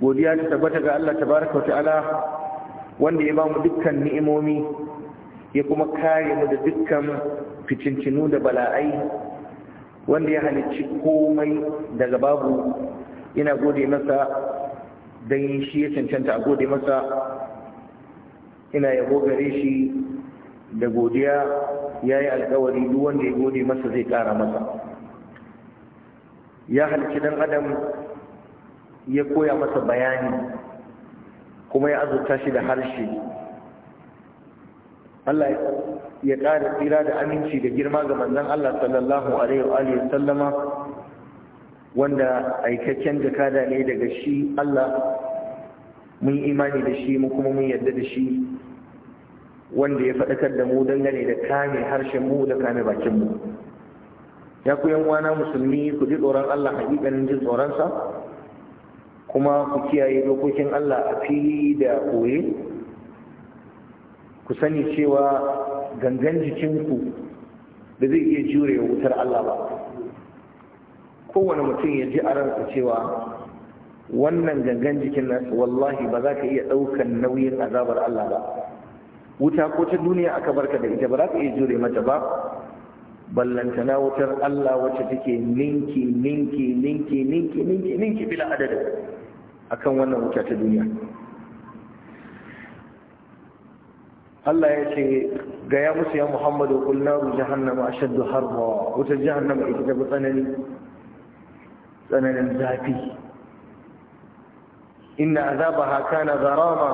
godiya ta tabbata ga Allah tabaraka wata'ala wanda ya ba mu dukkan ni'imomi ya kuma kare mu da dukkan fitincinu da bala'ai wanda ya halicci komai daga babu ina gode masa don shi ya cancanta a gode masa ina yabo gare shi da godiya ya yi alkawari duk wanda ya gode masa zai kara masa ya halicci dan adam ya koya masa bayani kuma ya azurta shi da harshe Allah ya ƙara tsira da aminci da girma ga manzon Allah sallallahu alaihi wa sallama wanda aikakken jakada ne daga shi Allah mun imani da shi mu kuma mun yarda da shi wanda ya faɗakar da mu dangane da kame harshen mu da kame bakin mu ya ku yan wana musulmi ku ji tsoron Allah hakikanin jin tsoronsa kuma ku kiyaye dokokin Allah a fili da koye ku sani cewa gangan jikinku da zai iya jure wutar Allah ba kowane mutum ya ji a ransa cewa wannan gangan jikin nan wallahi ba za ka iya ɗaukan nauyin azabar Allah ba wuta ko ta duniya aka barka da ita ba za ka iya jure mata ba ballantana wutar Allah wacce take ninki ninki ninki ninki ninki ninki bila adadin akan wannan wuta ta duniya Allah ya ce ga ya musu ya Muhammadu kul naru jahannama ashaddu harba wutar jahannama ita ta tsanani tsananin zafi inna azabaha kana gharama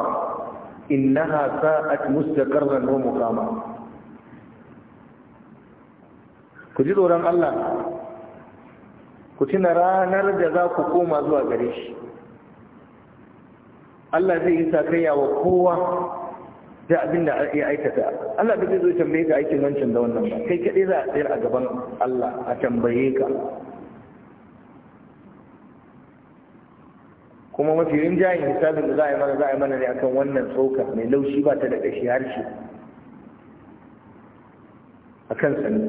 innaha sa'at mustaqarran wa muqama ku ji tsoron Allah ku tuna ranar da za ku koma zuwa gare shi Allah zai yi sakayya wa kowa da abin da ya aikata Allah ba zai zo tambaye ka aikin wancan da wannan ba kai kaɗai za a tsayar a gaban Allah a tambaye ka kuma mafi rinjayen misalin da za a yi mana za a yi mana ne akan wannan tsoka mai laushi ba ta da ƙashi harshe a kan sani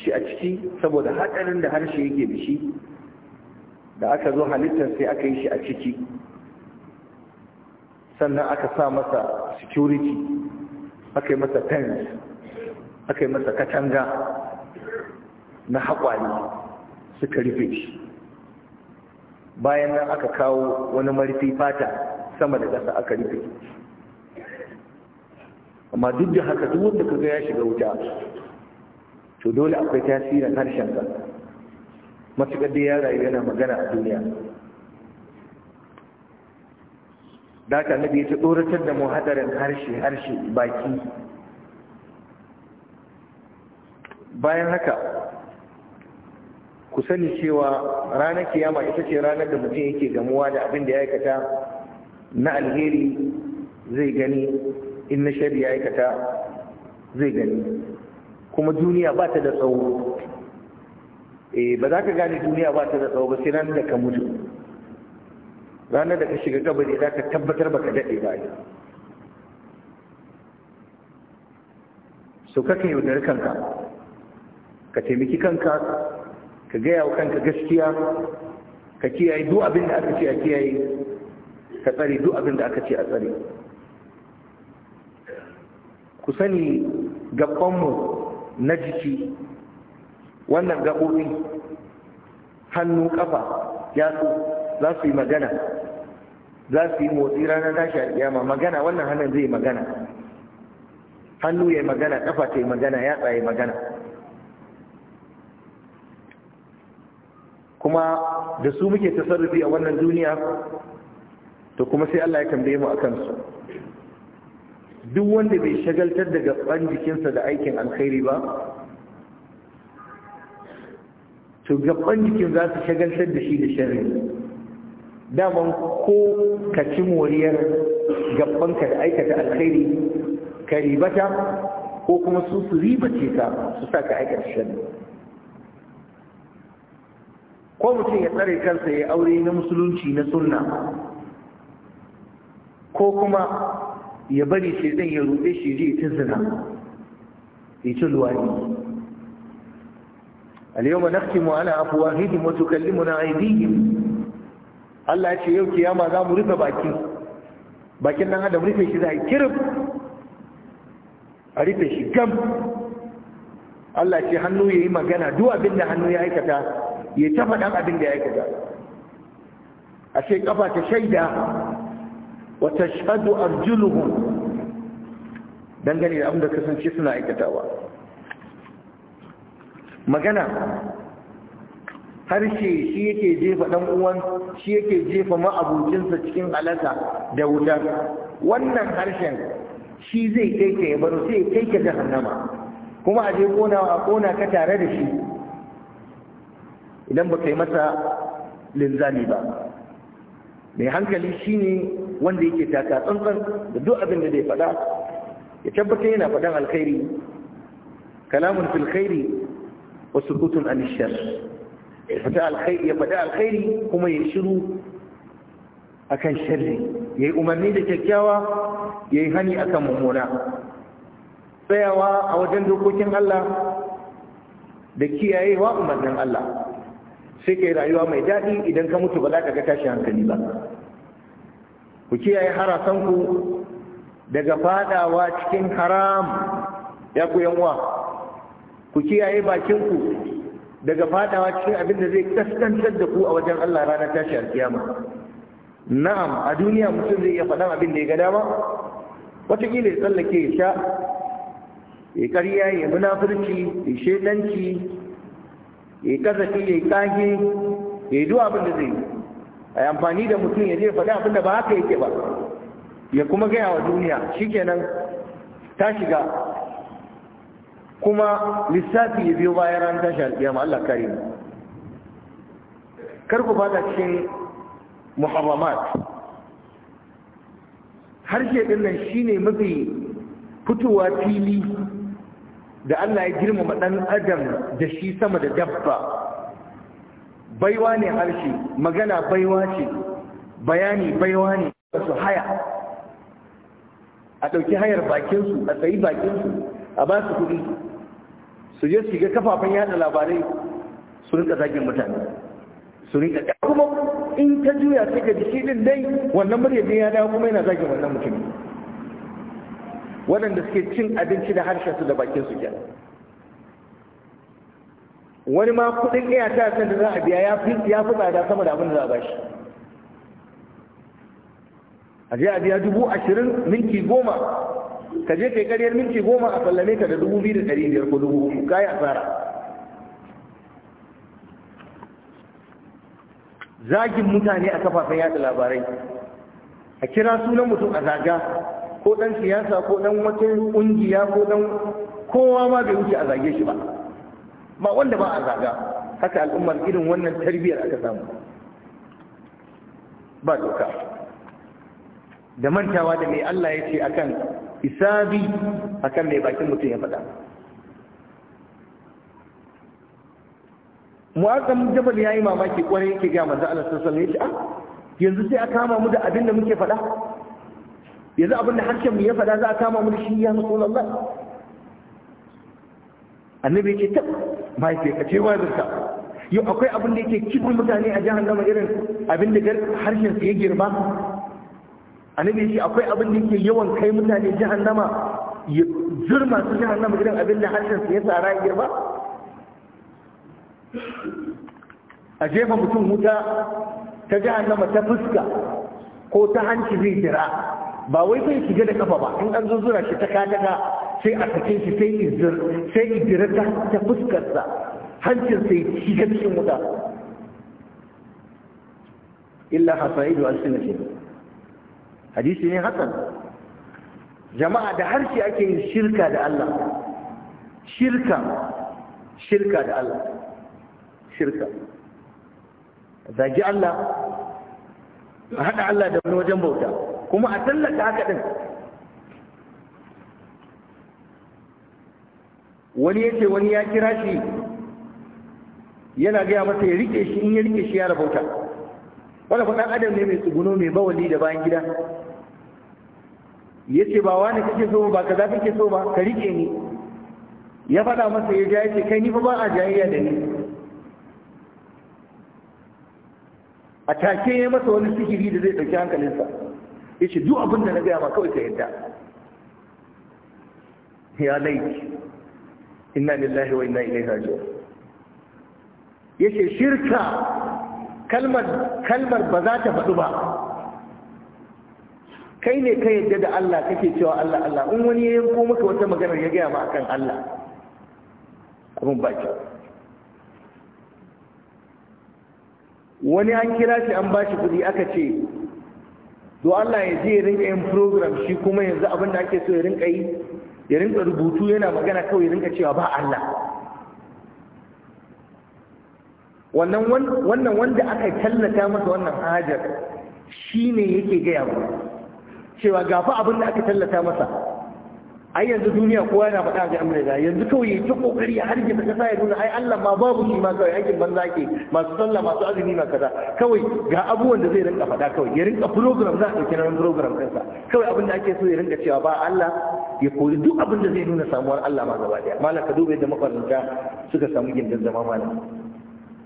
shi a ciki saboda haɗarin da harshe yake da shi da aka zo halittar sai aka yi shi a ciki sannan aka sa masa security aka yi masa fence aka yi masa katanga na haƙwari suka rufe shi bayan nan aka kawo wani marfi fata sama da ƙasa aka rufe amma duk da haka duk wanda ka ya shiga wuta to dole akwai tasirin harshensa matuƙar da ya rayu yana magana a duniya da ta annabi ya ta tsoratar da mu hadarin harshe harshe baki bayan haka ku sani cewa ranar kiyama ita ce ranar da mutum yake gamuwa da abin da ya aikata na alheri zai gani in na shari ya aikata zai gani kuma duniya ba ta da tsawo eh, ba za ka gane duniya ba ta da tsawo ba sai ranar da ka mutu ranar da ka shiga kabari za ka tabbatar baka daɗe ba ne so yi yaudar kanka ka taimaki kanka ka gaya wa kanka gaskiya ka kiyaye duk abin da aka ce a kiyaye ka tsare duk abin da aka ce a tsare ku sani gabanmu na jiki wannan gaɓoɓi hannu ƙafa yatsu za su yi magana za su yi motsi ranar tashi a kiyama magana wannan hannun zai magana hannu ya magana kafa ta yi magana yatsa ya magana kuma da su muke tasarrufi a wannan duniya to kuma sai Allah ya tambaye mu akan su duk wanda bai shagaltar da gaban jikinsa da aikin alkhairi ba to gaban jikin za su shagaltar da shi da sharri daman ko ka ci moriyar gabanka da aikata alkhairi ka ribata ko kuma su su ribace ka su sa ka aikata ko mutum ya tsare kansa ya aure na musulunci na sunna ko kuma ya bari shi zan ya rube shi ji ta zina ya ci luwani اليوم نختم على أفواههم وتكلمنا أيديهم Allah ya ce yau kiyama za mu rufe baki bakin nan adam rufe shi za a kirif a rufe shi gam Allah ce hannu ya yi magana duk abin da hannu ya aikata ya tafa ɗan abin da ya aikata a ce kafa ta shaida wata ta shaɗu arjuluhum dangane da abin da kasance suna aikatawa magana harshe shi yake jefa dan uwan shi yake jefa ma'abucinsa cikin alaka da wuta wannan harshen shi zai kai ka ya baro sai kai ka jahannama kuma a je kona a kona ka tare da shi idan baka yi masa linzami ba mai hankali shine wanda yake taka tsantsan da duk abin da zai faɗa ya tabbatar yana faɗan alkhairi kalamun fil khairi wa sukutun anishar ya faɗi alkhairi kuma ya shiru akan Ya yi umarni da kyakkyawa ya yi hani akan mummuna tsayawa a wajen dokokin Allah da kiyayewa umarnin Allah sai kai rayuwa mai daɗi idan ka mutu ba za ka ga tashi hankali ba ku kiyaye harasanku daga fadawa cikin haram ya ku yanwa ku kiyaye bakinku daga fadawa cikin abin da zai kaskantar da ku a wajen Allah ranar tashi alkiyama na'am a duniya mutum zai iya faɗan abin da ya ga dama wataƙila ya tsallake ya sha ya ƙarya ya munafurci ya shaidanci ya kazafi ya kage ya yi duwa abin da zai yi a yi amfani da mutum ya je faɗi abin da ba haka yake ba ya kuma gaya wa duniya shikenan ta shiga kuma lissafi ya biyo bayan ran tashar alƙiyama Allah kare mu kar ku cikin muharramat harshe din nan shine mafi fitowa fili da Allah ya girmama ɗan adam da shi sama da dabba baiwa ne harshe magana baiwa ce bayani baiwa ne su haya a ɗauki hayar bakinsu a tsayi bakinsu a ba su kuɗi su je su ga kafafen yada labarai su rinka zagin mutane su rinka kuma in ta juya su ga jiki din dai wannan muryar ya dawo kuma yana zagin wannan mutumin waɗanda suke cin abinci da harshen su da bakin su kenan wani ma kudin iya ta san da za a biya ya fi tsada sama da abin da za a bashi a je a biya dubu ashirin minti goma ka je kai karyar minti goma a sallame ka da dubu biyu da ɗari biyar ko dubu uku kayi asara zagin mutane a kafafen yada labarai a kira sunan mutum a zaga ko ɗan siyasa ko ɗan wata ƙungiya ko ɗan kowa ma bai wuce a zage shi ba ba wanda ba a zaga haka al'ummar irin wannan tarbiyyar aka samu ba doka da mantawa da mai Allah ya ce akan isabi akan mai bakin mutum ya faɗa mu'azzam jabal yayi mamaki kwarai yake ga manzo Allah sallallahu alaihi wasallam ya ah yanzu sai a kama mu da abin da muke faɗa yanzu abin da harshen mu ya faɗa za a kama mu da shi ya rasulullah annabi ya ce tab mai ka ce wa zarka yau akwai abin da yake kibin mutane a jahannama irin abin da harshen su ya girma annabi shi akwai abin da yake yawan kai mutane jahannama ya zurma su jahannama gidan abin da harshen su ya tsara ya girba a jefa mutum wuta ta jahannama ta fuska ko ta hanci zai jira ba wai zai shiga da kafa ba in an zura shi ta kataka sai a sake shi sai izir sai izira ta fuskarsa hancin sai shiga cikin wuta illa hasaidu al-sinatin hadisi ne hasan jama'a da harshe ake yin shirka da Allah shirka shirka da Allah shirka zagi Allah a haɗa Allah da wani wajen bauta kuma a tallata haka ɗin wani ya ce wani ya kira shi yana gaya masa ya rike shi in ya rike shi ya rabauta wanda kuma adam ne mai tsuguno mai bawali da bayan gida ya ce ba wani kake so ba kaza kake so ba ka rike ni ya faɗa masa ya ja ya ce kai ni fa ba a jayayya da ni a take ya masa wani sihiri da zai ɗauki hankalinsa ya ce duk abin da na gaya ma kawai ka yadda ya laiki inna lillahi wa inna ilaihi raji'un ya ce shirka kalmar kalmar ba za ta faɗu ba kai ne ka yadda da Allah kake cewa Allah Allah in wani ya yanko maka wata magana ya gaya ma akan Allah kuma ba ki wani an kira shi an bashi kuɗi aka ce to Allah ya je ya rinka yin program shi kuma yanzu abin da ake so ya rinka yi ya rinka rubutu yana magana kawai ya rinka cewa ba Allah wannan wannan wanda aka tallata masa wannan hajar shine yake gaya ba. cewa gafa abin da aka tallata masa ai yanzu duniya kowa yana faɗa ga da yanzu kawai ya ta kokari har ya ta sa ya nuna ai Allah ma babu shi ma kawai aikin banza ke masu sallah masu azumi ma kaza kawai ga abubuwan da zai rinka faɗa kawai ya rinka program za a ɗauki nan program kansa kawai abin da ake so ya rinka cewa ba Allah ya koyi duk abin da zai nuna samuwar Allah ma gaba daya malaka duba yadda makwaranta suka samu gindin zama malam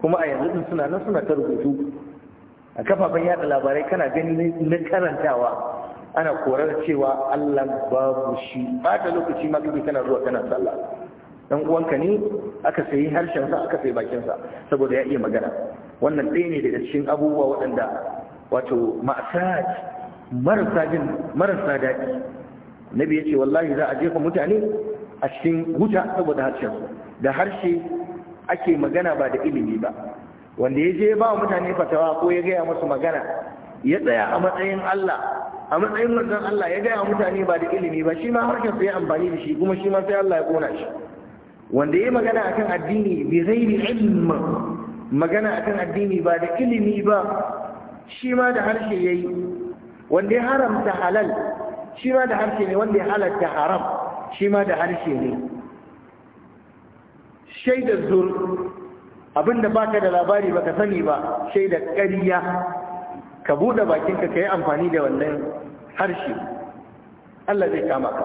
kuma a yanzu din suna nan suna ta rubutu a kafafen yada labarai kana gani na karantawa ana korar cewa Allah babu shi ba ta lokaci ma kake kana zuwa kana sallah dan uwanka ne aka sayi harshen sa aka sayi bakin sa saboda ya iya magana wannan ɗaya ne daga cikin abubuwa waɗanda wato ma'asaj marasa jin marasa daɗi nabi yace wallahi za a jefa mutane a cikin huta saboda harshen da harshe ake magana ba da ilimi ba wanda ya je ba mutane fatawa ko ya gaya musu magana ya tsaya a matsayin Allah a matsayin manzon Allah ya gaya mutane ba da ilimi ba shi ma harshen sai amfani da shi kuma shi ma sai Allah ya kona shi wanda ya magana akan addini bi ghairi ilm magana akan addini ba da ilimi ba shi ma da harshe yayi wanda ya haramta halal shi ma da harshe ne wanda ya halatta haram shi ma da harshe ne shaidar zur abinda baka da labari ba ka sani ba shaidar ƙariya ka buɗe bakinka ka yi amfani da wannan harshe Allah zai kama ka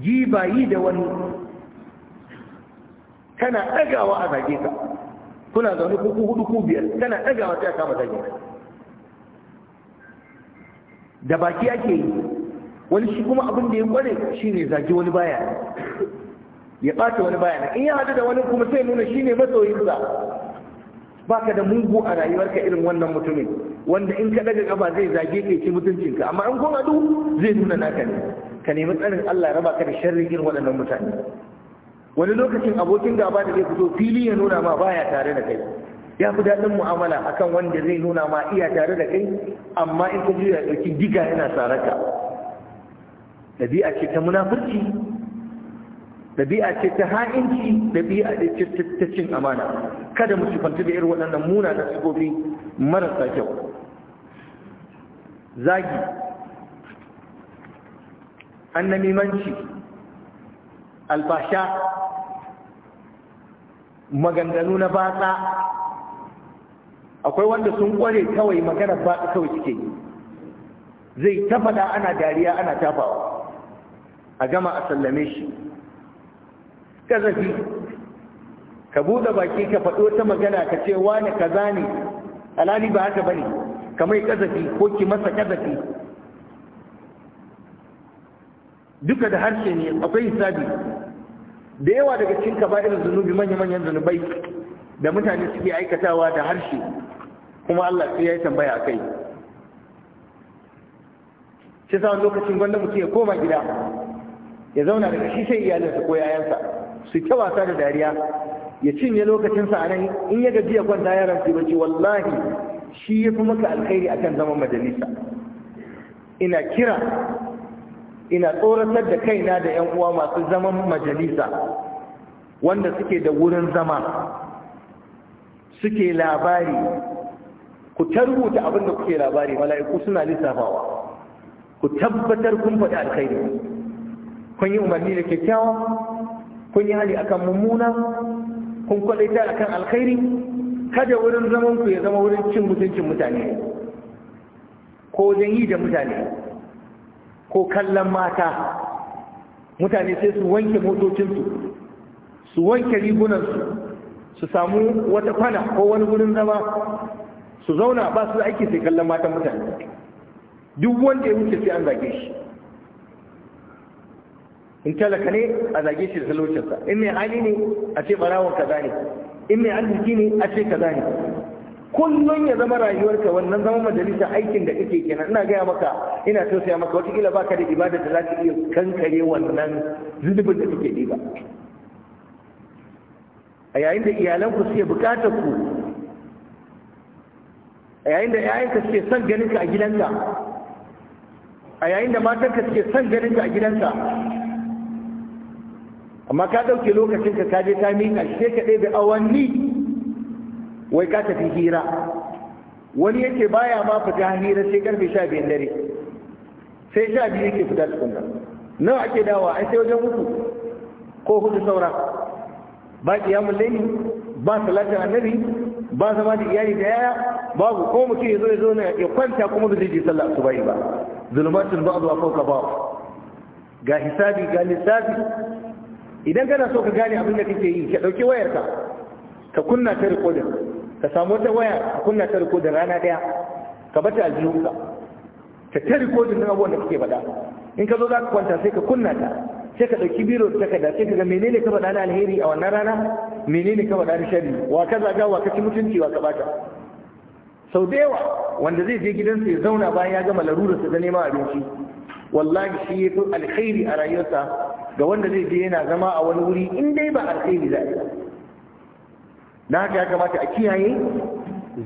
yi da wani kana ɗagawa a zage ka kuna zaune kuku hudu ku biyar kana ɗagawa sai a kama zage ka da baki ake yi wani shi kuma abin da ya kware shi ne zage wani baya ya ɓata wani bayana in ya hadu da wani kuma sai nuna shine Ba baka da mugu a rayuwarka irin wannan mutumin wanda in ka daga gaba zai zage ka ci mutuncinka amma in kun hadu zai nuna naka ne ka nemi tsarin Allah raba ka da sharrin irin waɗannan mutane wani lokacin abokin gaba da zai fito fili ya nuna ma baya tare da kai ya fi daɗin mu'amala akan wanda zai nuna ma iya tare da kai amma in ka juya ɗauki diga yana saraka ɗabi'a ce ta munafurci ɗabi'a ce ta ha'inci ɗabi'a ce ta cin amana kada mu sifanta da irin waɗannan munanan sigobi marasa kyau zagi annamimanci albasha maganganu na batsa akwai wanda sun kware kawai magana batsa kawai suke zai ta faɗa ana dariya ana tafawa a gama a sallame shi kazafi ka buɗe baki ka faɗo ta magana ka ce wani kaza ne alali ba haka bane kamar kazafi ko ki masa kazafi duka da harshe ne akwai hisabi da yawa daga cikin kabair zunubi manya-manyan zunubai da mutane suke aikatawa da harshe kuma Allah sai ya yi tambaya a kai shi sa lokacin gwanda mutum ya koma gida ya zauna daga shi sai iyalinsa ko yayansa su ta wasa da dariya ya cinye lokacinsa a nan in ya gajiya kwanta ya rantsi bacci wallahi shi ya fi maka alkhairi akan zaman majalisa ina kira ina tsoratar da kaina da 'yan uwa masu zaman majalisa wanda suke da wurin zama suke labari ku tarbuta abin da kuke labari mala'iku suna lissafawa ku tabbatar kun faɗi alkhairi kun yi umarni da kyakkyawa kun yi hali akan mummuna kun kwadaita akan alkhairi kada wurin zaman ku ya zama wurin cin mutuncin mutane ko wajen yi da mutane ko kallon mata mutane sai su wanke motocinsu su wanke rigunansu su samu wata kwana ko wani wurin zama su zauna ba su aiki sai kallon matan mutane duk wanda ya wuce sai an zage shi in talaka ne a zage shi da talaucinsa in mai hali ne a ce barawar kaza ne in mai arziki ne a ce kaza ne kullum ya zama rayuwarka wannan zama majalisa aikin da kake kenan ina gaya maka ina tausaya maka wataƙila baka da ibada da za iya kankare wannan zunubin da kake ɗiba a yayin da iyalanku suke buƙatar ku a yayin da 'ya'yanka suke son ganinka a gidanka a yayin da matanka suke son ganinka a gidanka amma ka ɗauke lokacin ka kaje ka miƙa sai ka ɗaya awanni wai ka tafi hira wani yake baya ma fita hira sai karfe sha biyar dare sai sha biyu yake fita nan nawa ake dawa ai sai wajen hutu ko hudu saura ba kiyamun laini ba salatin annabi ba zama da iyali da yaya babu ko mutum ya zo ya zo na ya kwanta kuma ba zai je sallah asuba ba zulmatul ba'd wa fawqa ba'd ga hisabi ga lissafi idan kana so ka gane abin da kake yi ka ɗauki wayarka ka kunna ta rikodin ka samu wata waya ka kunna ta rikodin rana ɗaya ka bata aljihunka ka ta rikodin ɗin abubuwan da kake faɗa in ka zo za ka kwanta sai ka kunna ta sai ka ɗauki biro da takarda sai ka ga menene ka faɗa na alheri a wannan rana menene ka faɗa na sharri wa ka zaga wa ka ci mutunci wa ka bata sau da yawa wanda zai je gidansa ya zauna bayan ya gama larurarsa da neman abinci wallahi shi ya fi alkhairi a rayuwarsa ga wanda zai je yana zama a wani wuri in dai ba alkhairi za a yi na haka ya kamata a kiyaye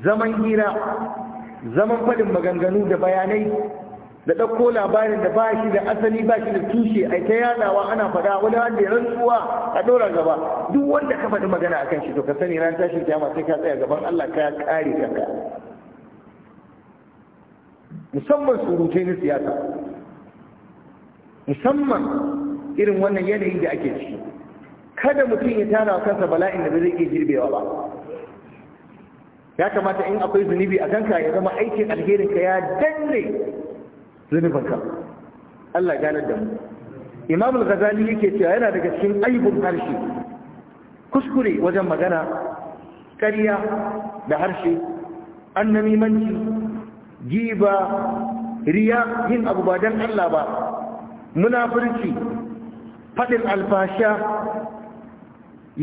zaman hira zaman faɗin maganganu da bayanai da ɗauko labarin da ba shi da asali ba shi da tushe a ta yadawa ana faɗa wani wanda ya rantsuwa a ɗora gaba duk wanda ka faɗi magana a kan shi to ka sani ran tashin kiyama sai ka tsaya gaban Allah ka kare kanka musamman surutai na siyasa musamman irin wannan yanayin da ake ciki kada mutum ya tara kansa bala'in da ba zai iya girbewa ba ya kamata in akwai zunubi a kanka ya zama aikin alherinka ya danne ka. Allah ganar da mu Imam al-Ghazali yake cewa yana daga cikin aibun harshe kuskure wajen magana ƙarya da harshe annamimanci giba riya yin abu ba don Allah ba munafurci faɗin alfasha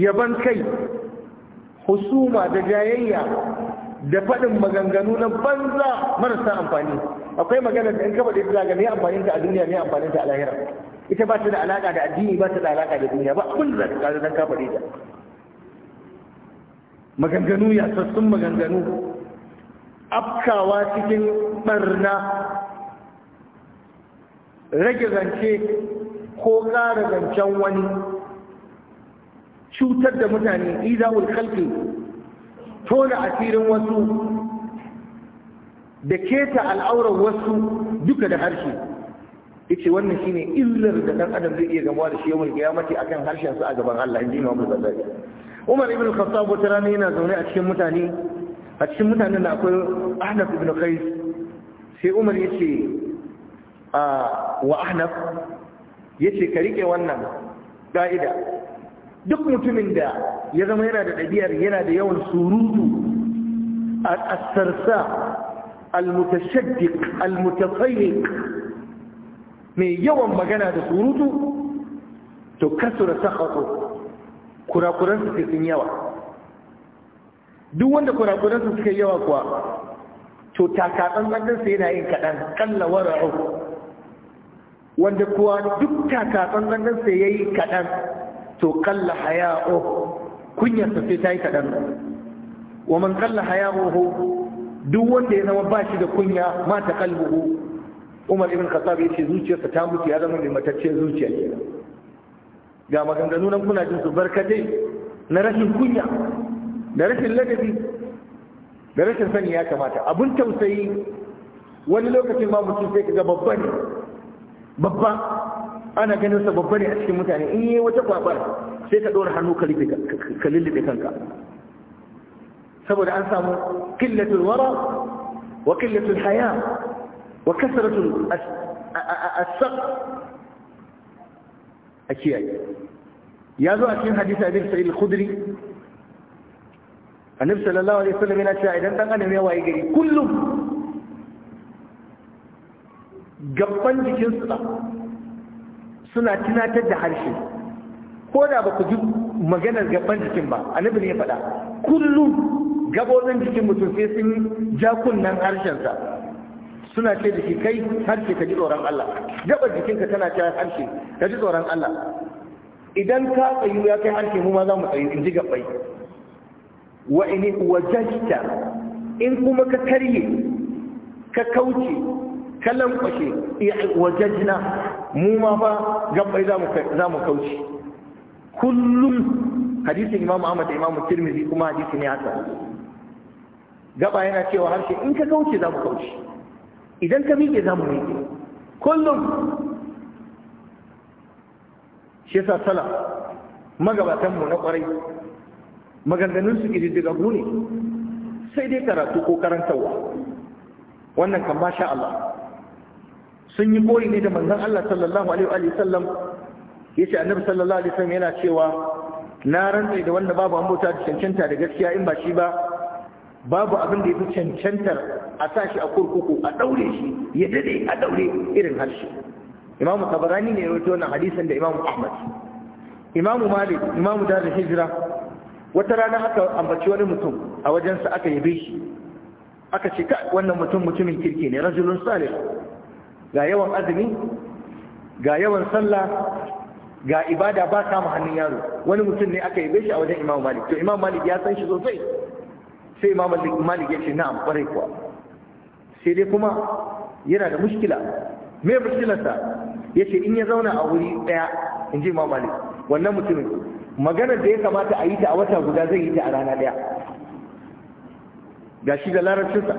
yaban kai husuma da jayayya da faɗin maganganu na banza marasa amfani akwai magana da in ka faɗi ta ga amfani ta a duniya ne amfani ta a lahira ita ba ta da alaka da addini ba ta da alaka da duniya ba abin da ka kare ka maganganu ya sassun maganganu afkawa cikin barna rage zance ko ƙara zancen wani cutar da mutane izawul khalqi tona asirin wasu da keta al'aurar wasu duka da harshe ita wannan shine illar da dan adam zai iya gamuwa da shi yawan kiyamati akan harshen su a gaban Allah inji Imam Bukhari Umar ibn Khattab wata rana yana zaune a cikin mutane a cikin mutanen da akwai Ahnaf ibn Qais sai Umar yace a ah, wa Ahnaf ya ce ka riƙe wannan ƙa'ida duk mutumin da ya zama yana da ɗabi'ar yana da yawan surutu a sarsa almutashaddiq almutafayyiq mai yawan magana da surutu to kasura sakhato kurakuransu sai sun yawa duk wanda kurakuransu suka yawa kuwa to takatsantsan ɗinsa yana yin kaɗan ƙalla wara'u wanda kuwa duk takatsan zangon sai ya yi kaɗan to kalla haya o kunyarsa sai ta yi kaɗan wa man kalla haya'ohu duk wanda ya zama ba shi da kunya mata kalbuhu umar ibn khattab ya ce zuciyarsa ta mutu ya zama limatacciyar zuciya kenan ga maganganu nan kuna jin su barkatai na rashin kunya da rashin ladabi da rashin sani ya kamata abun tausayi wani lokacin ma mutum sai kaga babba ne babba ana ganin sa babba ne a cikin mutane in yi wata kwabar sai ka dora hannu ka lullube kanka saboda an samu killatul wara wa killatul haya wa kasratul asaq a kiyaye ya zo a cikin hadisi abin sa'il khudri annabi sallallahu alaihi wasallam yana cewa idan dan adam ya waye gari kullum Gabban jikinsu ba suna tunatar da harshe ko da ba ku ji maganar gabban jikin ba annabi ne ya faɗa kullum gabozin jikin mutum sai sun ja harshen harshensa suna ce da shi kai harshe ka ji tsoron Allah gabar jikinka tana ce harshe ka ji tsoron Allah idan ka tsayu ya kai harshe mu ma za mu tsayu in ji gabbai wa in wajajta in kuma ka karye ka kauce Kallon kwashe wajajna mu ma fa gabbai za mu kauce kullum hadisin imam ahmad da imam tirmidhi kuma hadisi ne haka gaba yana cewa harshe in ka kauce za mu kauce idan ka miƙe za mu miƙe kullum shi yasa sala magabatanmu na ƙwarai maganganunsu ƙididdigaggu ne sai dai karatu ko karantarwa wannan kan sha Allah sun yi koyi ne da manzan Allah sallallahu alaihi wa sallam Ya ce annabi sallallahu alaihi wasallam yana cewa na rantsa da wanda babu ambota da cancanta da gaskiya in ba shi ba babu abin da ya fi cancantar a sa shi a kurkuku a daure shi ya dade a daure irin harshe imamu tabarani ne ya rawaito wannan hadisin da imamu ahmad imamu malik imamu da hijira wata rana aka ambaci wani mutum a wajensa aka yabe shi aka ce ka wannan mutum mutumin kirki ne rajulun salih ga yawan azumi ga yawan sallah ga ibada ba kama hannun yaro wani mutum ne aka yabe shi a wajen imam malik to imam malik ya san shi sosai sai imam malik ya ce na amfare kuwa sai dai kuma yana da mushkila me mushkilarsa ya ce in ya zauna a wuri daya in ji imam malik wannan mutumin maganar da ya kamata a yi ta a wata guda zai yi ta a rana daya ga shi da larabcinsa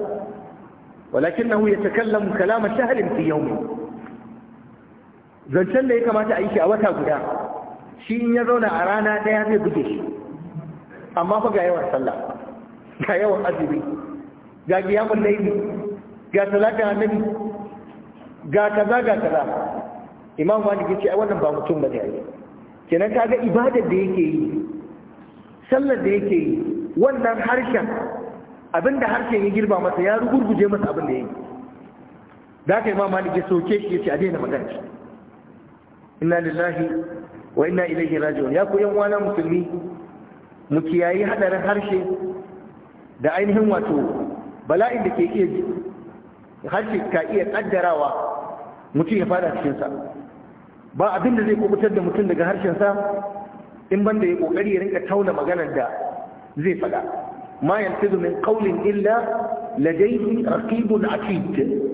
ولكنه يتكلم كلام سهل في يومه zancen da ya kamata a yi shi a wata guda shi in ya zauna a rana ɗaya zai buge shi amma fa ga yawan sallah ga yawan azumi ga giyamun laili ga talata annabi ga kaza ga kaza imam malik yace ai wannan ba mutum bane ai kenan kaga ibadar da yake yi sallar da yake yi wannan harshen Abin abinda harshen ya girba masa ya rugurguje masa abin da ya yi da aka yi ma malik ya soke shi ya ce a daina magana shi inna lillahi wa inna ilaihi raji'un ya ku yan uwana musulmi mu kiyayi hadarin harshe da ainihin wato bala'in da ke iya harshe ka iya kaddarawa mutum ya fada cikin sa ba abin da zai kubutar da mutum daga harshen sa in banda ya kokari ya rinka tauna maganar da zai faɗa ما يلفظ من قول إلا لديه رقيب عتيد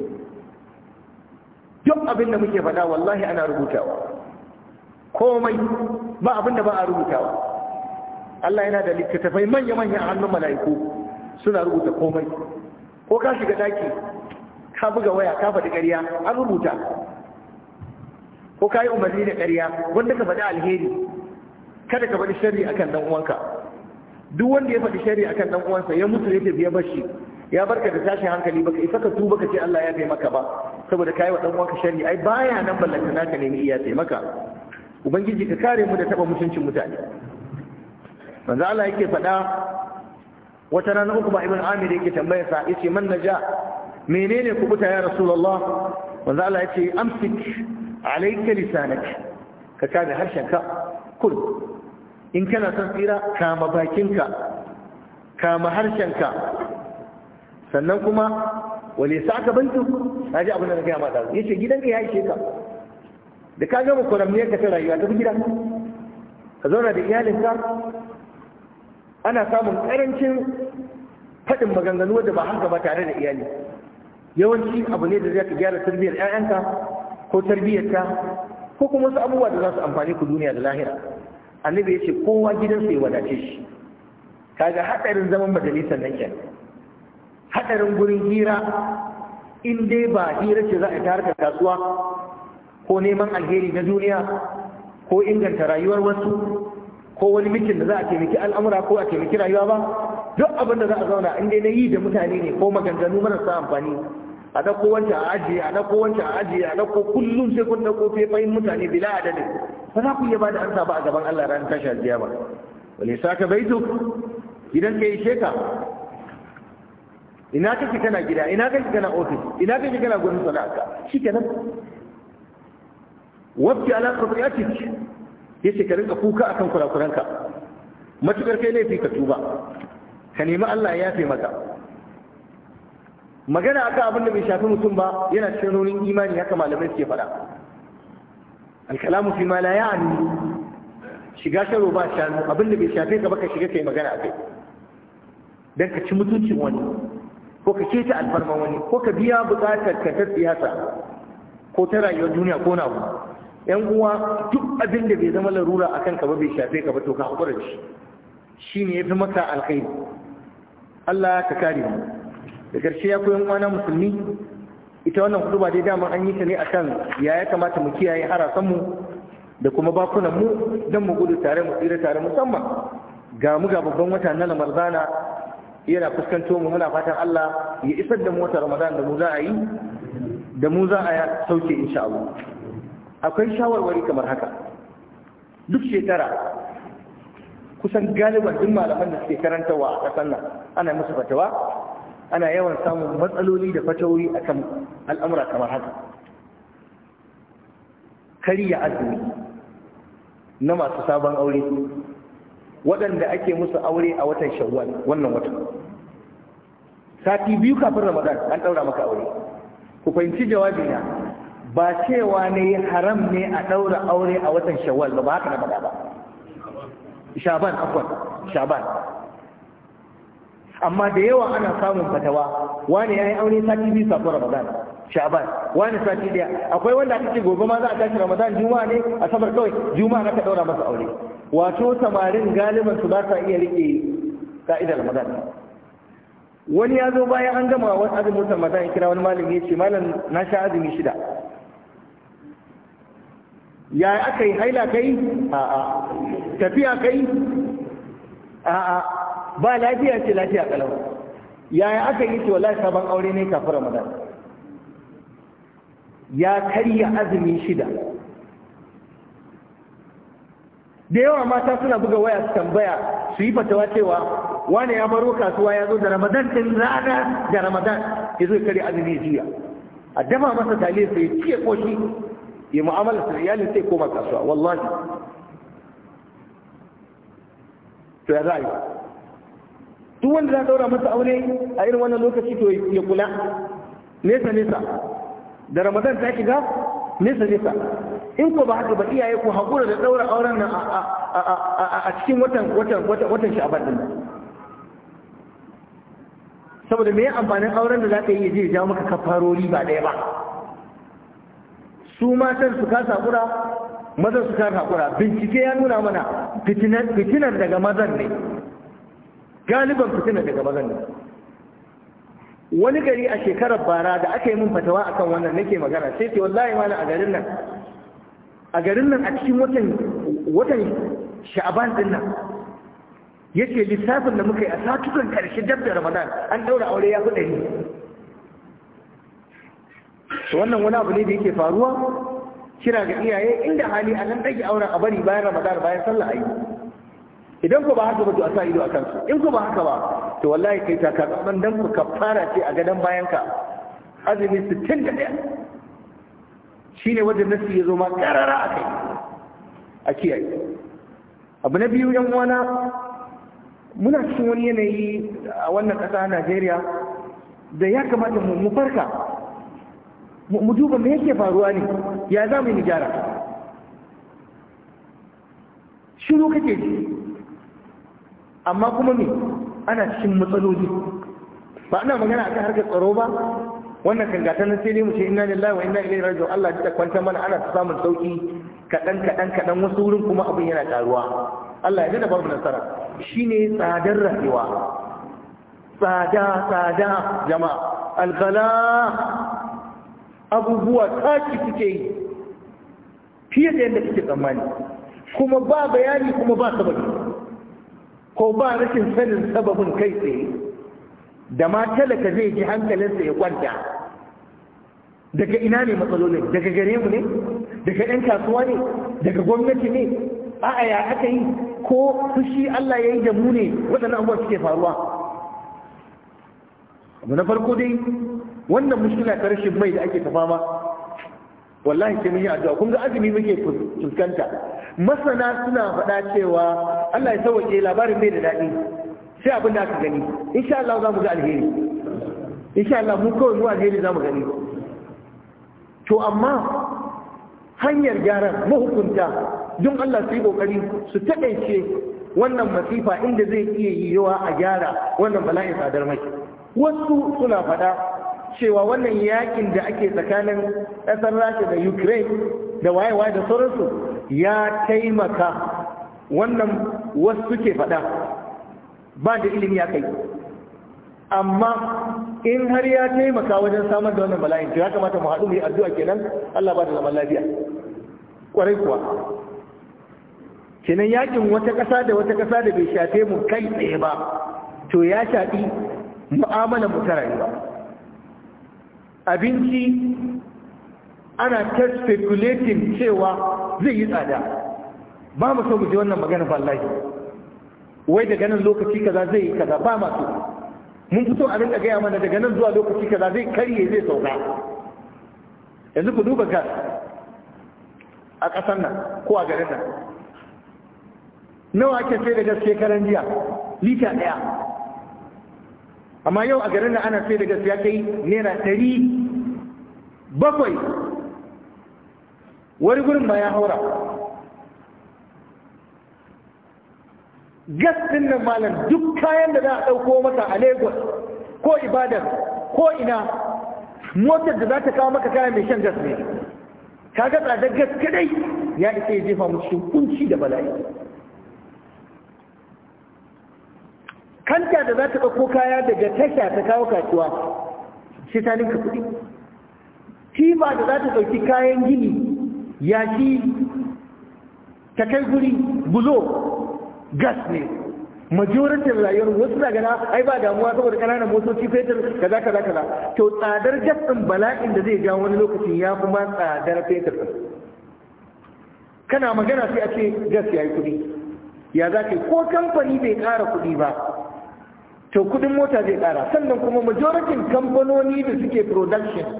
duk abin da muke faɗa wallahi ana rubutawa komai ba abin da ba a rubutawa Allah yana da littattafai manya-manya a hannun mala'iku suna rubuta komai ko ka shiga daki ka buga waya ka faɗi ƙarya an rubuta ko ka yi umarni da ƙarya wanda ka faɗi alheri kada ka faɗi sharri akan dan uwanka duk wanda ya faɗi shari akan dan uwansa ya mutu yake biya bashi ya barka da tashin hankali baka isa ka tuba ka ce Allah ya taimaka ba saboda kai wa dan uwanka shari ai baya nan ballanta naka nemi iya taimaka ubangiji ka kare mu da taba mutuncin mutane manzo Allah yake faɗa wata rana uku ba ibn Amir yake tambayar sa yace man naja menene kubuta ya rasulullah manzo Allah yace amsik alayka lisanak ka kada harshenka kul in kana son tsira kama bakinka kama harshenka sannan kuma wale sa aka bantu na ji abin da na gaya mata ya ce gidanka ya ishe ka da ka gama kwaramniyar ka ta rayuwa ta gida ka zauna da iyalinka ana samun karancin faɗin maganganu da ba har ba tare da iyali yawanci abu ne da zai ka gyara tarbiyyar 'ya'yanka ko tarbiyyarka ko kuma wasu abubuwa da za su amfani ku duniya da lahira annabi ya ce kowa gidansa ya wadace shi kaga hadarin zaman majalisar nan kenan hadarin gurin hira in dai ba hira ce za a ta harkar kasuwa ko neman alheri na duniya ko inganta rayuwar wasu ko wani mikin da za a taimaki al'amura ko a taimaki rayuwa ba duk abin da za a zauna in dai na yi da mutane ne ko maganganu marasa amfani a dakko wancan a ajiye a dakko wancan a ajiye a dakko kullum sai kun dakko fefayin mutane bila adadin ba za ku iya ba da ansa ba a gaban Allah ran tashi aljiya ba wale saka baitu idan ka yi sheka ina kake kana gida ina kake kana ofis ina kake kana gurin sana'a shikenan wafi wabti ala qati'atik yace ka rinka kuka akan kurakuranka matukar kai laifi ka tuba ka nemi Allah ya yafe maka magana akan abin da bai shafi mutum ba yana cikin raunin imani haka malamai suke fara. alkalamu fi ma la ya'ni shiga sharo ba shanu abin da bai shafe ka ba shiga kai magana akai kai dan ka ci mutuncin wani ko ka keta alfarma wani ko ka biya buƙatar ka ta siyasa ko ta rayuwar duniya ko na yan uwa duk abin da bai zama larura akan ka ba bai shafe ka ba to ka hakura da shi shine yafi maka alkhairi Allah ka kare mu da karshe ya koyan uwa na musulmi ita wannan ba dai dama an yi ta ne akan ya ya kamata mu kiyaye harasan mu da kuma bakunan mu don mu gudu tare mu tsira tare musamman ga mu ga babban wata na Ramadana yana fuskanto mu muna fatan Allah ya isar da mu wata Ramadan da mu za a yi da mu za a sauke insha Allah akwai shawarwari kamar haka duk shekara kusan galiban duk malaman da suke karantawa a ƙasar nan ana musu fatawa ana yawan samun matsaloli da a akan al'amura kamar haka kariya azumi na masu sabon aure waɗanda ake musu aure a watan shawwal wannan wata. sati biyu kafin ramadan an ɗaura maka aure ku fahimci jawabina ba cewa ne haram ne a ɗaura aure a watan shawwal ba haka na faɗa ba shaban akwai, shaban amma da yawa ana samun fatawa wani ya yi aure sati biyu kafin ramadan sha'ban wani sati daya akwai wanda aka ce gobe ma za a tashi ramadan juma'a ne a samar kawai juma'a ka daura masa aure wato samarin galiban su ba sa iya rike ka'idar ramadan wani ya zo bayan an gama wani azumin ramadan ya kira wani malami ya ce malam na sha azumi shida ya aka yi haila kai a'a tafiya kai a'a ba lafiya ce lafiya kalau yaya aka yi ce sabon aure ne kafin ramadan ya karya azumi shida da yawa mata suna buga waya su tambaya su yi fatawa cewa wane ya maro kasuwa ya zo da ramadan din rana da ramadan ya zo karya azumi jiya a dafa masa taliyar ya ciye koshi ya mu'amala su iyalin sai koma kasuwa wallahi to ya za a yi duk wanda za daura masa aure a irin wannan lokaci to ya kula nesa nesa da ramadan ta shiga nesa nesa in ko ba haka ba iyaye ku haƙura da daura auren nan a cikin watan watan watan sha'aban din saboda me amfanin auren da za ka yi zai jawo maka kafarori ba ɗaya ba su matan su kasa haƙura mazan su kasa hakura. bincike ya nuna mana fitinar daga mazan ne galiban fitina daga mazan nan wani gari a shekarar bara da aka yi min fatawa akan wannan nake magana sai ce wallahi mana a garin nan a garin nan a cikin watan watan sha'aban din nan yace lissafin da muka yi a satukan karshe dab da ramadan an daura aure ya kuɗa ne wannan wani abu ne da yake faruwa kira ga iyaye inda hali a nan ɗage auren a bari bayan ramadan bayan sallah ayi idan ku ba haka ba to a sa ido a kansu in ku ba haka ba to wallahi kai ta ka zaman dan ku kafara ce a gadon bayan ka azumi 61 shine wajen nasi ya zo ma karara a kai a kiyaye abu na biyu yan uwana muna cikin wani yanayi a wannan ƙasa Najeriya da ya kamata mu farka mu duba me yake faruwa ne ya za mu yi gyara shiru kake ji amma kuma me ana cikin matsaloli ba ana magana akan harkar tsaro ba wannan kangatan na sai mu ce inna lillahi wa inna ilaihi raji'un Allah ya kwanta mana ana samun sauki kadan kadan kadan wasu wurin kuma abin yana karuwa Allah ya da babu nasara shine tsadar rayuwa tsada tsada jama'a alghala abubuwa taki suke yi fiye da yadda kike tsammani kuma ba bayani kuma ba sababi ko ba rashin sanin sababin kai tsaye da ma talaka zai ji hankalinsa ya kwanta daga ina ne matsalolin daga gare mu ne daga 'yan kasuwa ne daga gwamnati ne a'a ya aka yi ko fushi Allah ya yi da mu ne waɗannan abubuwa suke faruwa abu na farko dai wannan mushkila ta rashin mai da ake ta fama wallahi sai mun yi addu'a kun ga azumi muke fuskanta masana suna faɗa cewa Allah ya sauke labarin bai da daɗi sai abin da aka gani insha Allah za mu ga alheri insha Allah mu kawai zuwa alheri za mu gani to amma hanyar gyaran mahukunta don Allah su yi kokari su taɗaice wannan masifa inda zai iya yiwuwa a gyara wannan bala'in sadar mai wasu suna faɗa cewa wannan yakin da ake tsakanin ƙasar rasha da ukraine da wayewa da sauransu ya taimaka wannan wasu suke faɗa ba da ilimi ya kai amma in har ya taimaka wajen samar da wannan bala'in to ya kamata mu haɗu mu yi addu'a kenan Allah ba da zaman lafiya kwarai kuwa kenan yakin wata ƙasa da wata ƙasa da bai shafe mu kai tsaye ba to ya shafi mu'amala mu ta rayuwa abinci ana ta speculating cewa zai yi tsada ba mu so mu ji wannan magana wallahi wai daga nan lokaci kaza zai yi kaza ba ma so mun fito abin da gaya mana daga nan zuwa lokaci kaza zai karye zai sauka yanzu ku duba gas a ƙasar nan ko a garin nan nawa ake sai da gas shekaran jiya lita ɗaya amma yau a garin da ana sai da gaskiya kai naira ɗari bakwai wani gurin ba ya haura gas ɗin nan malam duk kayan da za a ɗauko masa a lagos ko ibadan ko ina motar da za ta kawo maka kayan mai shan gas ne kaga tsadar gas kadai ya isa ya jefa mu cikin kunci da bala'i hanta da za ta ɗauko kaya daga tasha ta kawo kasuwa shi ta ninka kuɗi tifa da za ta ɗauki kayan gini yashi ta kai guri bulo gas ne majorantar rayuwar wasu na gana ai ba damuwa saboda kananan motoci fetur kaza kaza kaza to tsadar gas ɗin bala'in da zai jawo wani lokaci ya kuma tsadar fetur kana magana sai a ce gas ya yi kuɗi ya za ka ko kamfani bai ƙara kuɗi ba to kudin mota zai kara sannan kuma majoritin kamfanoni da suke production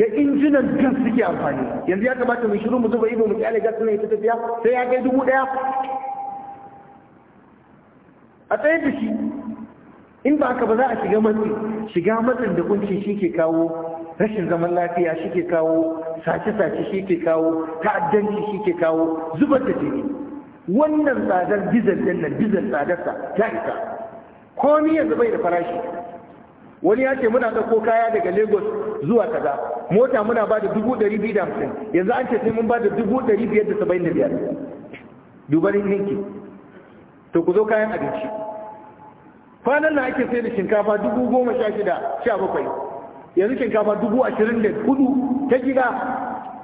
da injinan gas suke amfani yanzu ya kamata mu shiru mu zuba ido mu kyale gas ne ta tafiya sai ya kai dubu daya a tsaye da shi in ba haka ba za a shiga matsi shiga matsin da kunci shi ke kawo rashin zaman lafiya shi ke kawo sace-sace shi ke kawo ta'addanci shi ke kawo zubar da jini wannan tsadar dizal ɗin nan dizal tsadarsa ta isa komi yanzu bai da farashi wani ya ce muna ɗauko kaya daga lagos zuwa kaza mota muna ba da dubu ɗari biyu da hamsin yanzu an ce sai mun ba da dubu ɗari biyar da saba'in da biyar dubarin ninki to ku zo kayan abinci kwanan na ake sai da shinkafa dubu goma sha shida sha bakwai yanzu shinkafa dubu ashirin da hudu ta gida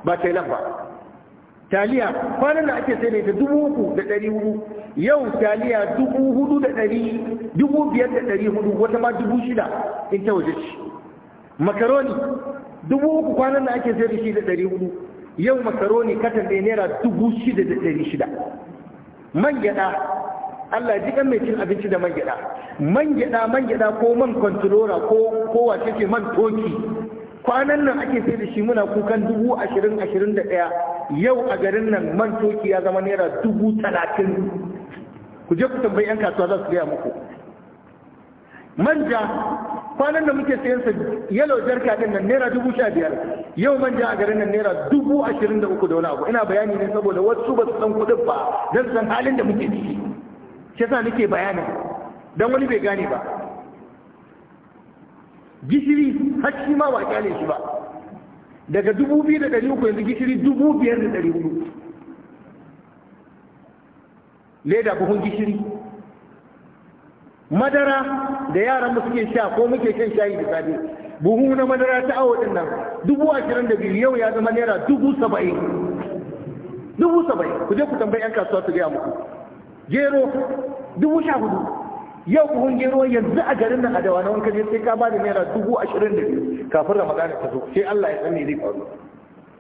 ba yi lamba. taliya kwanan da ake sai da ta dubu uku da ɗari hudu yau taliya dubu hudu da ɗari dubu biyar da ɗari hudu wata ma dubu shida in ta waje ci makaroni dubu uku kwanan da ake sai da shi da ɗari hudu yau makaroni katan ɗaya naira dubu shida da ɗari shida man gyaɗa Allah ji kan mai cin abinci da man gyaɗa man gyaɗa man gyaɗa ko man kwantirora ko ko wace ce man toki kwanan nan ake sai da shi muna kukan dubu ashirin ashirin da ɗaya yau a garin nan man toki ya zama naira dubu talatin ku je ku tambayi 'yan kasuwa za su gaya muku manja kwanan da muke sayan sa yalo jarka din nan naira dubu sha biyar yau manja a garin nan naira dubu ashirin da uku da wani abu ina bayani ne saboda wasu ba su san kuɗin ba don san halin da muke ciki shi yasa nake bayanin dan wani bai gane ba gishiri har shi ma ba kyale shi ba daga dubu biyu da ɗari uku yanzu gishiri dubu biyar da ɗari hudu leda buhun gishiri madara da yaran mu suke sha ko muke shan shayi da safe buhu na madara ta awo din nan dubu ashirin da biyu yau ya zama naira dubu saba'in dubu saba'in ku je ku tambayi yan kasuwa su gaya muku gero dubu sha hudu yau buhun gero yanzu a garin nan a dawa na wanka ne sai ka bada naira dubu ashirin da biyu kafin ramadana ta zo sai Allah ya san ne zai faru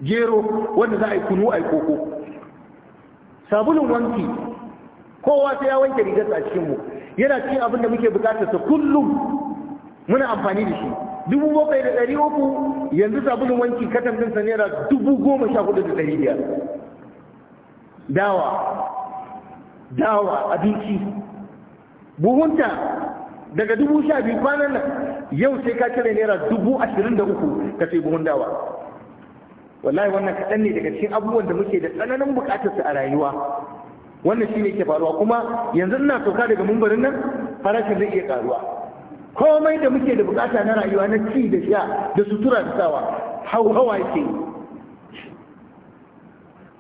gero wanda za a yi kunu a yi koko sabulun wanki kowa sai ya wanke rigarsa a cikinmu yana cikin abin da muke bukatarsa kullum muna amfani da shi dubu bakwai da ɗari uku yanzu sabulun wanki katan ɗinsa naira dubu goma sha hudu da ɗari biyar dawa dawa abinci buhunta daga dubu sha biyu kwanan nan yau sai ka cire naira dubu ashirin da uku ka sai buhun dawa wallahi wannan kaɗan ne daga cikin abubuwan da muke da tsananin su a rayuwa wannan shi ne ke faruwa kuma yanzu ina sauka daga mumbarin nan farashin zai iya karuwa komai da muke da buƙata na rayuwa na ci da sha da sutura da sawa hau hawa yake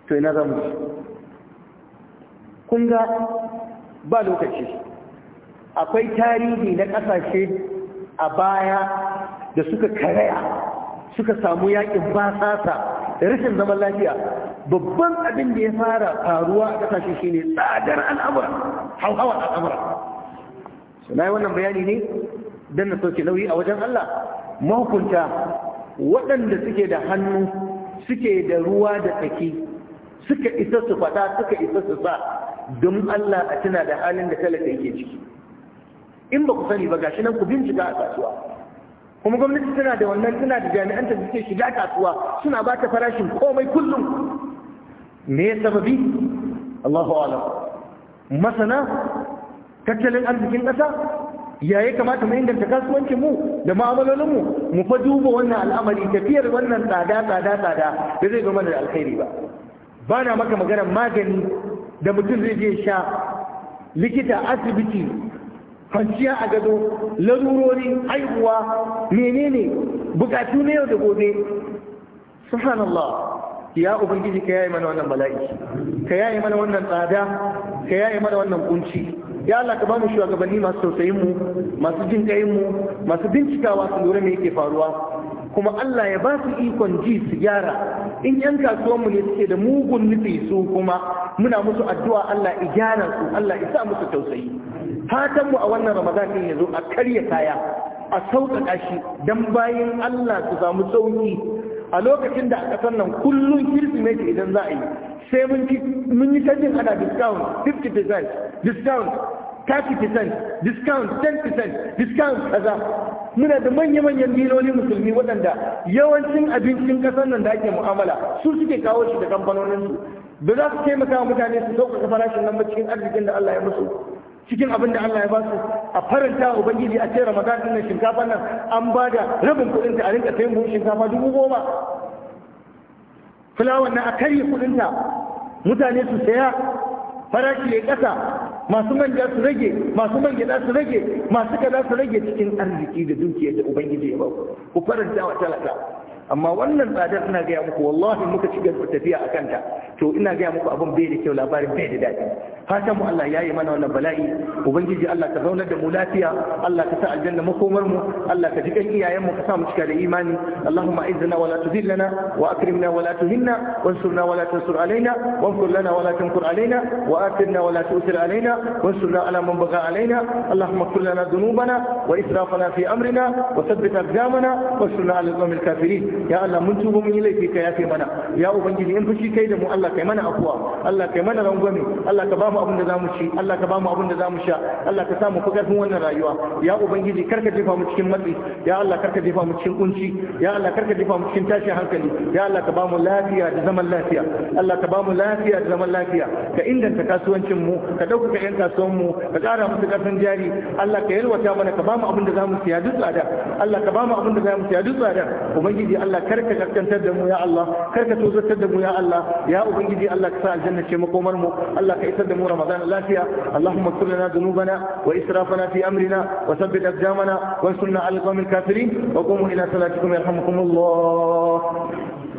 to ina za mu kun ga ba lokaci akwai tarihi na ƙasashe a baya da suka karaya suka samu yakin basasa da rashin zaman lafiya babban abin da ya fara faruwa a ƙasashe shine tsadar al'amura hauhawar al'amura su na yi wannan bayani ne don na sauke nauyi a wajen Allah mahukunta waɗanda suke da hannu suke da ruwa da tsaki suka isa su faɗa suka isa su sa don Allah a tuna da halin da talaka yake ciki in ba ku sani ba gashi nan ku bincika a kasuwa kuma gwamnati tana da wannan tana da jami'an ta suke shiga kasuwa suna ba ta farashin komai kullum me ya sababi Allahu a'lam masana tattalin arzikin ƙasa ya ya kamata mu inganta kasuwancin mu da mu'amalolin mu mu fa duba wannan al'amari tafiyar wannan tsada tsada tsada da zai zama da alkhairi ba ba na maka maganar magani da mutum zai je sha likita asibiti kwanciya a gado larurori haihuwa menene bukatu na yau da gobe subhanallah ya ubangiji ka yaye mana wannan bala'i ka yaye mana wannan tsada ka yaye mana wannan kunci ya Allah ka bamu shugabanni masu tausayin mu masu jin kai mu masu bincikawa su lura me yake faruwa kuma Allah ya ba su ikon ji su gyara in yan kasuwanmu ne suke da mugun nufi su kuma muna musu addu'a Allah gyara su Allah isa musu tausayi Fatanmu a wannan ramadan din zo a karya kaya a sauƙaƙa shi dan bayan Allah su samu sauki a lokacin da a ƙasar nan kullum kirsimeti idan za a yi sai mun yi ta ana discount 50% discount 30% discount 10% discount kaza muna da manya-manyan diloli musulmi waɗanda yawancin abincin ƙasar nan da ake mu'amala su suke kawo shi da kamfanonin su da za su taimaka wa mutane su sauƙaƙa farashin nan cikin arzikin da Allah ya musu cikin abin da Allah ya ba su a faranta wa ubangiji a ce ramadan din nan shinkafa nan an ba da rabin kuɗin ta a rinka kai mu shinkafa dubu goma fulawan nan a karye kuɗin ta mutane su saya farashi ya ƙasa masu manja su rage masu mangida su rage masu kaza su rage cikin arziki da dukiyar da ubangiji ya ba ku faranta wa talaka amma wannan tsadar ina gaya muku wallahi muka ci gaba tafiya a kanta to ina gaya muku abin bai da kyau labarin bai da daɗi fatan mu Allah ya mana wannan bala'i ubangiji Allah ka zaunar da mu lafiya Allah ta sa aljanna makomar mu Allah ka ji kan iyayen mu ka sa mu cika da imani Allahumma izzana wa la tuzillana wa akrimna wa la tuhinna wansurna wa la tansur alaina wanfur lana wa la tankur alaina wa atirna wa la tu'sir alaina wansurna ala man baga alaina Allahumma اغفر لنا ذنوبنا وإسرافنا في أمرنا وثبت أقدامنا وانصرنا على القوم الكافرين ya Allah mun tuba mun yi laifi ka yafe mana ya ubangiji in fushi kai da mu Allah kai mana afuwa Allah kai mana rangwame Allah ka bamu abin da zamu ci Allah ka bamu abin da zamu sha Allah ka sa mu fi karfin wannan rayuwa ya ubangiji kar ka jefa mu cikin matsi ya Allah kar ka jefa mu cikin kunci ya Allah kar ka jefa mu cikin tashin hankali ya Allah ka bamu lafiya da zaman lafiya Allah ka bamu lafiya da zaman lafiya ka inganta kasuwancin mu ka dauka 'yan kasuwan mu ka ƙara musu ƙarfin jari Allah ka yalwata mana ka bamu abin da zamu siya duk tsada Allah ka bamu abin da zamu siya duk tsada ubangiji Allah Allah kar ka kaskantar da mu ya Allah kar ka tozartar da mu ya Allah ya ubangiji Allah ka sa aljanna ce makomar mu Allah ka isar da mu Ramadan lafiya Allahumma kullu lana dhunubana wa israfana fi amrina wa thabbit aqdamana wa sunna al qawmil kafirin wa qumu ila salatikum yarhamukumullah